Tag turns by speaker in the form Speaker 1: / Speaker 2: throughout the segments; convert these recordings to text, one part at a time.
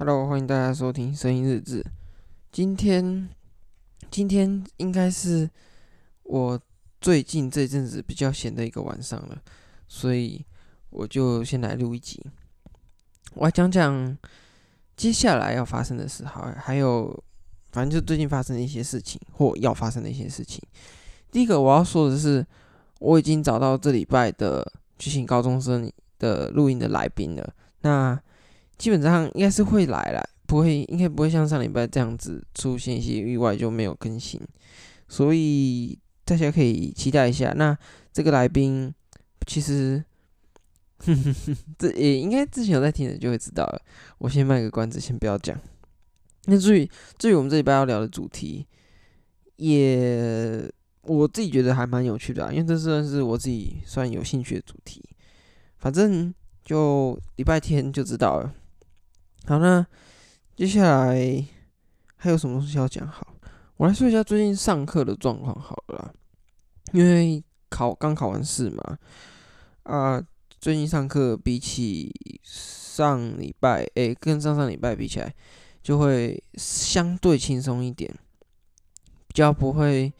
Speaker 1: Hello，歡迎大家收聽聲音日誌。今天，今天應該是我最近這陣子比較閒的一個晚上了，所以我就先來錄一集。我來講講接下來要發生的事，好，還有反正就最近發生的一些事情或要發生的一些事情。第一個我要說的是，我已經找到這禮拜的巨型高中生的錄音的來賓了。那基本上應該是會來啦，不會，應該不會像上禮拜這樣子出現一些意外就沒有更新，所以大家可以期待一下。那這個來賓其實哼哼哼，這也應該之前有在聽的就會知道了。我先賣個關子，先不要講。那至於至於我們這禮拜要聊的主題，也我自己覺得還蠻有趣的啊，因為這算是我自己算有興趣的主題。反正就禮拜天就知道了。好，那接下來還有什麼東西要講？好，我來說一下最近上課的狀況好了，因為考剛考完試嘛，啊，最近上課比起上禮拜，欸，跟上上禮拜比起來，就會相對輕鬆一點，比較不會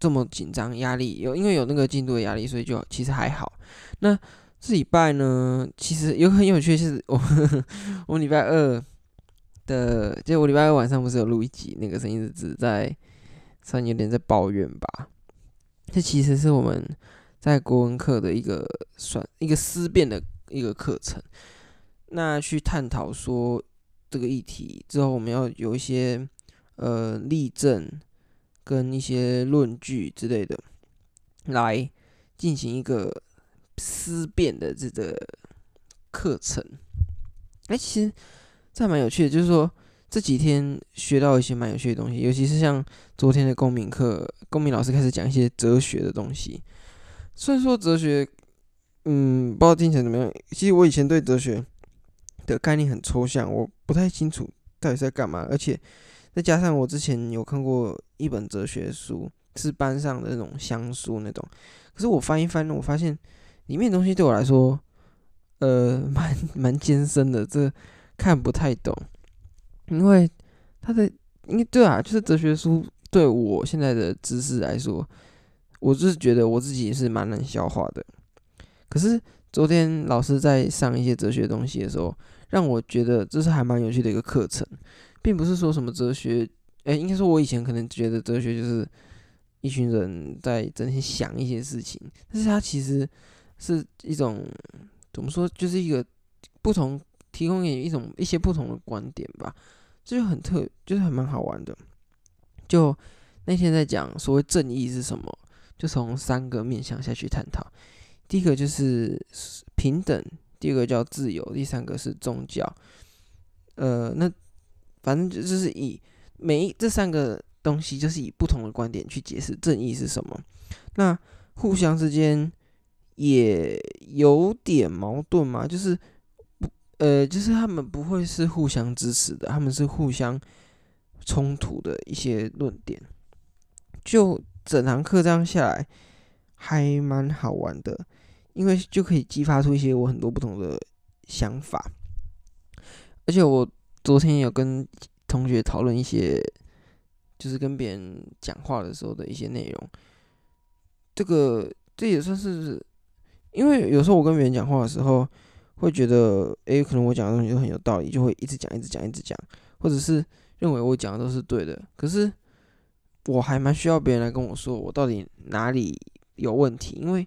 Speaker 1: 這麼緊張壓力有，有因為有那個進度的壓力，所以就其實還好。那這禮拜呢，其實有很有趣是。是我呵呵，我禮拜二的，就我禮拜二晚上不是有錄一集那個《聲音日誌》在，算有點在抱怨吧。這其實是我們在國文課的一個算一個思辨的一個課程。那去探討說這個議題之後，我們要有一些呃例證跟一些論據之類的，來進行一個。思辨的這個課程，哎、欸，其實這蠻有趣的。就是說，這幾天學到一些蠻有趣的東西，尤其是像昨天的公民課，公民老師開始講一些哲學的東西。雖然說哲學，嗯，不知道聽起來怎麼樣？其實我以前對哲學的概念很抽象，我不太清楚到底是在幹嘛。而且再加上我之前有看過一本哲學書，是班上的那種鄉書那種，可是我翻一翻，我發現。裡面的東西對我來說，呃，蠻蠻艱深的，這看不太懂。因為他的，因為對啊，就是哲學書對我現在的知識來說，我就是覺得我自己也是蠻難消化的。可是昨天老師在上一些哲學東西的時候，讓我覺得這是還蠻有趣的一個課程，並不是說什麼哲學。哎，應該說我以前可能覺得哲學就是一群人在整天想一些事情，但是他其實。是一種怎麼說，就是一個不同提供給一種一些不同的觀點吧，這就很特，就是還蠻好玩的。就那天在講所謂正義是什麼，就從三個面向下去探討。第一個就是平等，第二個叫自由，第三個是宗教。呃，那反正就是以每一這三個東西，就是以不同的觀點去解釋正義是什麼。那互相之間。嗯也有點矛盾嘛，就是呃，就是他們不會是互相支持的，他們是互相衝突的一些論點。就整堂課這樣下來，還蠻好玩的，因為就可以激發出一些我很多不同的想法。而且我昨天有跟同學討論一些，就是跟別人講話的時候的一些內容。這個這也算是。因為有時候我跟別人講話的時候，會覺得，哎、欸，可能我講的東西都很有道理，就會一直講、一直講、一直講，或者是認為我講的都是對的。可是我還蠻需要別人來跟我說，我到底哪裡有問題，因為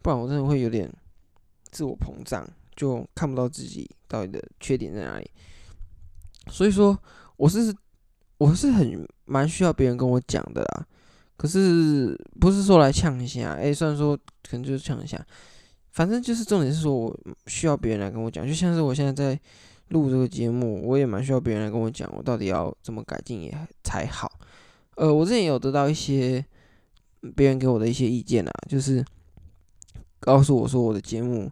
Speaker 1: 不然我真的會有點自我膨脹，就看不到自己到底的缺點在哪裡。所以說我，我是我是很蠻需要別人跟我講的啦。可是不是說來嗆一下，哎、欸，雖然說可能就是嗆一下。反正就是重點是說，我需要別人來跟我講，就像是我現在在錄這個節目，我也蠻需要別人來跟我講，我到底要怎麼改進也才好。呃，我之前有得到一些別人給我的一些意見啊，就是告訴我說我的節目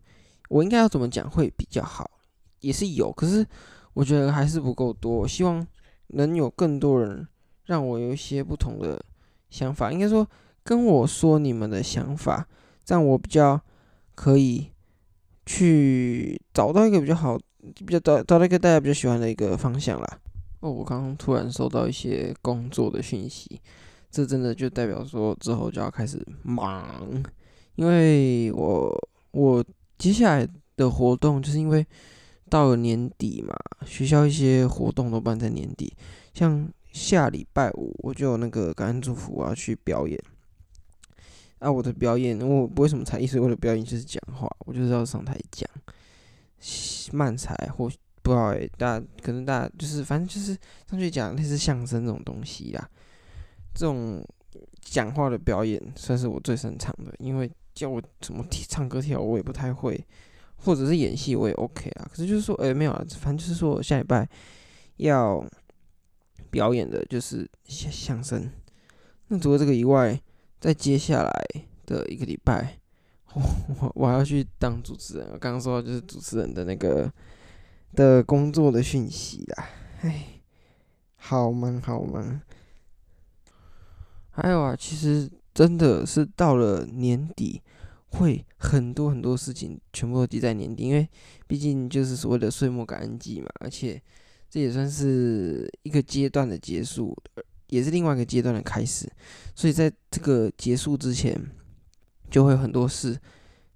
Speaker 1: 我應該要怎麼講會比較好，也是有，可是我覺得還是不夠多，希望能有更多人讓我有一些不同的想法。應該說跟我說你們的想法，這樣我比較。可以去找到一個比較好，比較找找到一個大家比較喜歡的一個方向啦。哦，我剛剛突然收到一些工作的訊息，這真的就代表說之後就要開始忙，因為我我接下來的活動就是因為到了年底嘛，學校一些活動都辦在年底，像下禮拜五我就有那個感恩祝福啊去表演。啊，我的表演，我不會什麼才藝，所以我的表演就是講話，我就是要上台講漫才或不知道哎、欸，大家可能大家就是反正就是上去講類似相聲這種東西啦。這種講話的表演算是我最擅長的，因為叫我怎麼跳唱歌跳我也不太會，或者是演戲我也 OK 啊。可是就是說，哎、欸，沒有啊，反正就是說下禮拜要表演的就是相聲。那除了這個以外，在接下來的一個禮拜，我我，我還要去當主持人。我剛剛說就是主持人的那個的工作的訊息啦。唉，好忙好忙。還有啊，其實真的是到了年底，會很多很多事情全部都積在年底，因為畢竟就是所謂的歲末感恩季嘛，而且這也算是一個階段的結束也是另外一個階段的開始，所以在這個結束之前，就會有很多事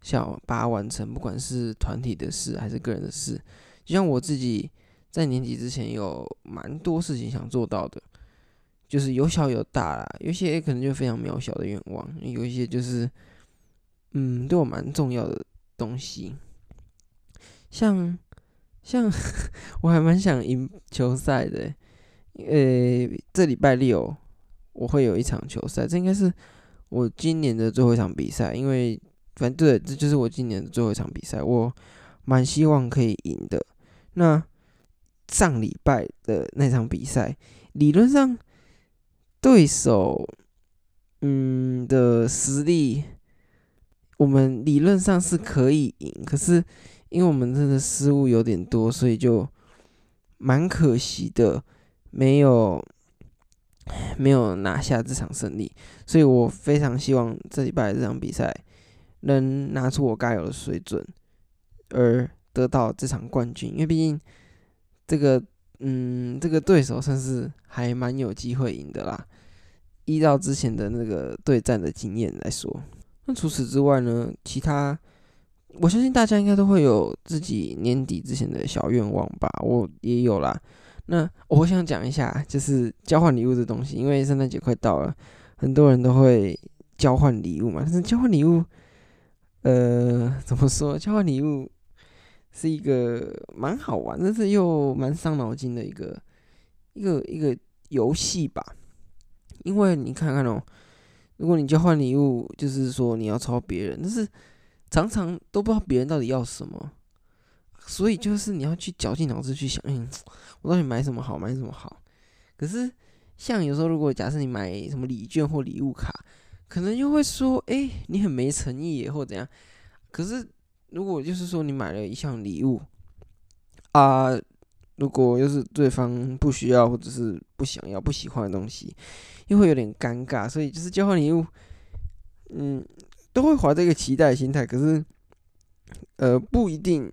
Speaker 1: 想把它完成，不管是團體的事還是個人的事。就像我自己在年底之前有蠻多事情想做到的，就是有小有大啦，有些可能就非常渺小的願望，有一些就是嗯對我蠻重要的東西，像像呵呵我還蠻想贏球賽的欸。呃、欸，這禮拜六我會有一場球賽，這應該是我今年的最後一場比賽。因為反正對，這就是我今年的最後一場比賽。我蠻希望可以贏的。那上禮拜的那場比賽，理論上對手嗯的實力，我們理論上是可以贏，可是因為我們真的失誤有點多，所以就蠻可惜的。沒有，沒有拿下這場勝利，所以我非常希望這禮拜這場比賽能拿出我該有的水準，而得到這場冠軍。因為畢竟這個，嗯，這個對手算是還蠻有機會贏的啦。依照之前的那個對戰的經驗來說，那除此之外呢，其他我相信大家應該都會有自己年底之前的小願望吧，我也有啦。那我想講一下，就是交換禮物這東西，因為聖誕節快到了，很多人都會交換禮物嘛。但是交換禮物，呃，怎麼說？交換禮物是一個蠻好玩，但是又蠻傷腦筋的一個一個一個遊戲吧。因為你看看哦，如果你交換禮物，就是說你要抄別人，但是常常都不知道別人到底要什麼。所以就是你要去絞盡腦汁去想，嗯、欸，我到底買什麼好，買什麼好？可是像有時候，如果假設你買什麼禮券或禮物卡，可能又會說，哎、欸，你很沒誠意或怎樣？可是如果就是說你買了一項禮物，啊、呃，如果又是對方不需要或者是不想要、不喜歡的東西，又會有點尷尬。所以就是交換禮物，嗯，都會懷着一個期待的心態，可是呃，不一定。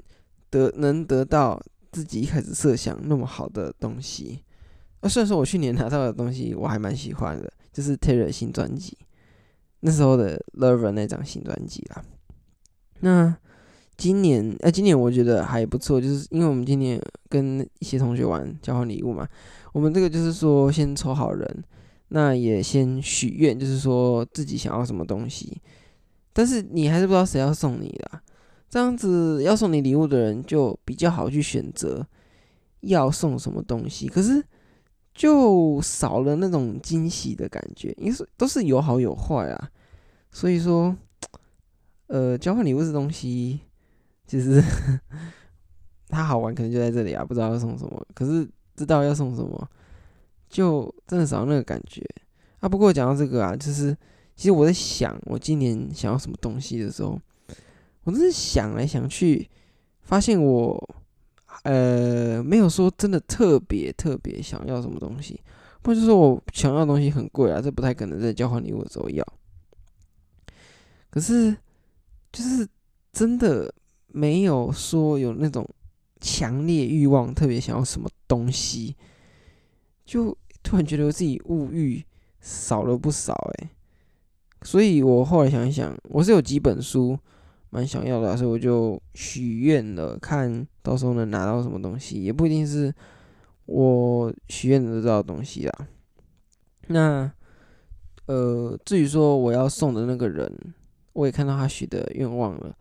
Speaker 1: 得能得到自己一開始設想那麼好的東西，呃、哦，雖然說我去年拿到的東西我還蠻喜歡的，就是 Taylor 新專輯，那時候的 Lover 那張新專輯啦。那今年，呃，今年我覺得還不錯，就是因為我們今年跟一些同學玩交換禮物嘛，我們這個就是說先抽好人，那也先許願，就是說自己想要什麼東西，但是你還是不知道誰要送你啦。這樣子要送你禮物的人就比較好去選擇要送什麼東西，可是就少了那種驚喜的感覺，因為都是有好有壞啊。所以說，呃，交換禮物這東西其實呵呵它好玩，可能就在這裡啊。不知道要送什麼，可是知道要送什麼，就真的少了那個感覺。啊，不過講到這個啊，就是其實我在想，我今年想要什麼東西的時候。我真是想來想去，發現我呃沒有說真的特別特別想要什麼東西，或者說我想要的東西很貴啊，這不太可能在交換禮物的時候要。可是就是真的沒有說有那種強烈慾望，特別想要什麼東西，就突然覺得我自己物慾少了不少哎、欸。所以我後來想一想，我是有幾本書。蠻想要的啊，所以我就許願了，看到時候能拿到什麼東西，也不一定是我許願得到的東西啦。那，呃，至於說我要送的那個人，我也看到他許的願望了，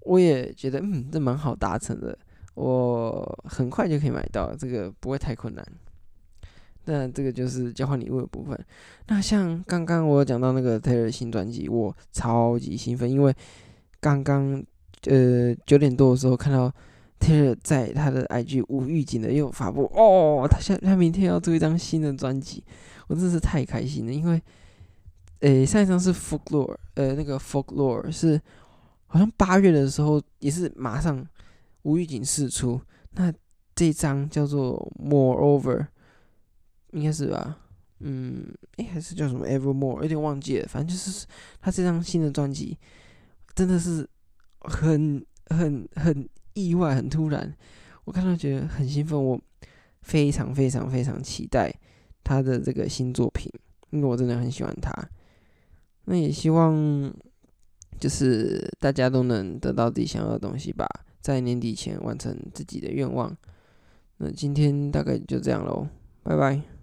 Speaker 1: 我也覺得嗯，這蠻好達成的，我很快就可以買到，這個不會太困難。那這個就是交換禮物的部分。那像剛剛我講到那個 Taylor 新專輯，我超級興奮，因為。剛剛呃九點多的時候看到 Taylor 在他的 IG 無預警的又發布哦，他現他明天要做一張新的專輯，我真的是太開心了，因為呃、欸、上一張是 folklore，呃，那個 folklore 是好像八月的時候也是馬上無預警釋出，那這張叫做 moreover，應該是吧？嗯，誒、欸，還是叫什麼 evermore，有點忘記了，反正就是他這張新的專輯。真的是很很很意外，很突然。我看到覺得很興奮，我非常非常非常期待他的這個新作品，因為我真的很喜歡他。那也希望就是大家都能得到自己想要的東西吧，在年底前完成自己的願望。那今天大概就這樣嘍，拜拜。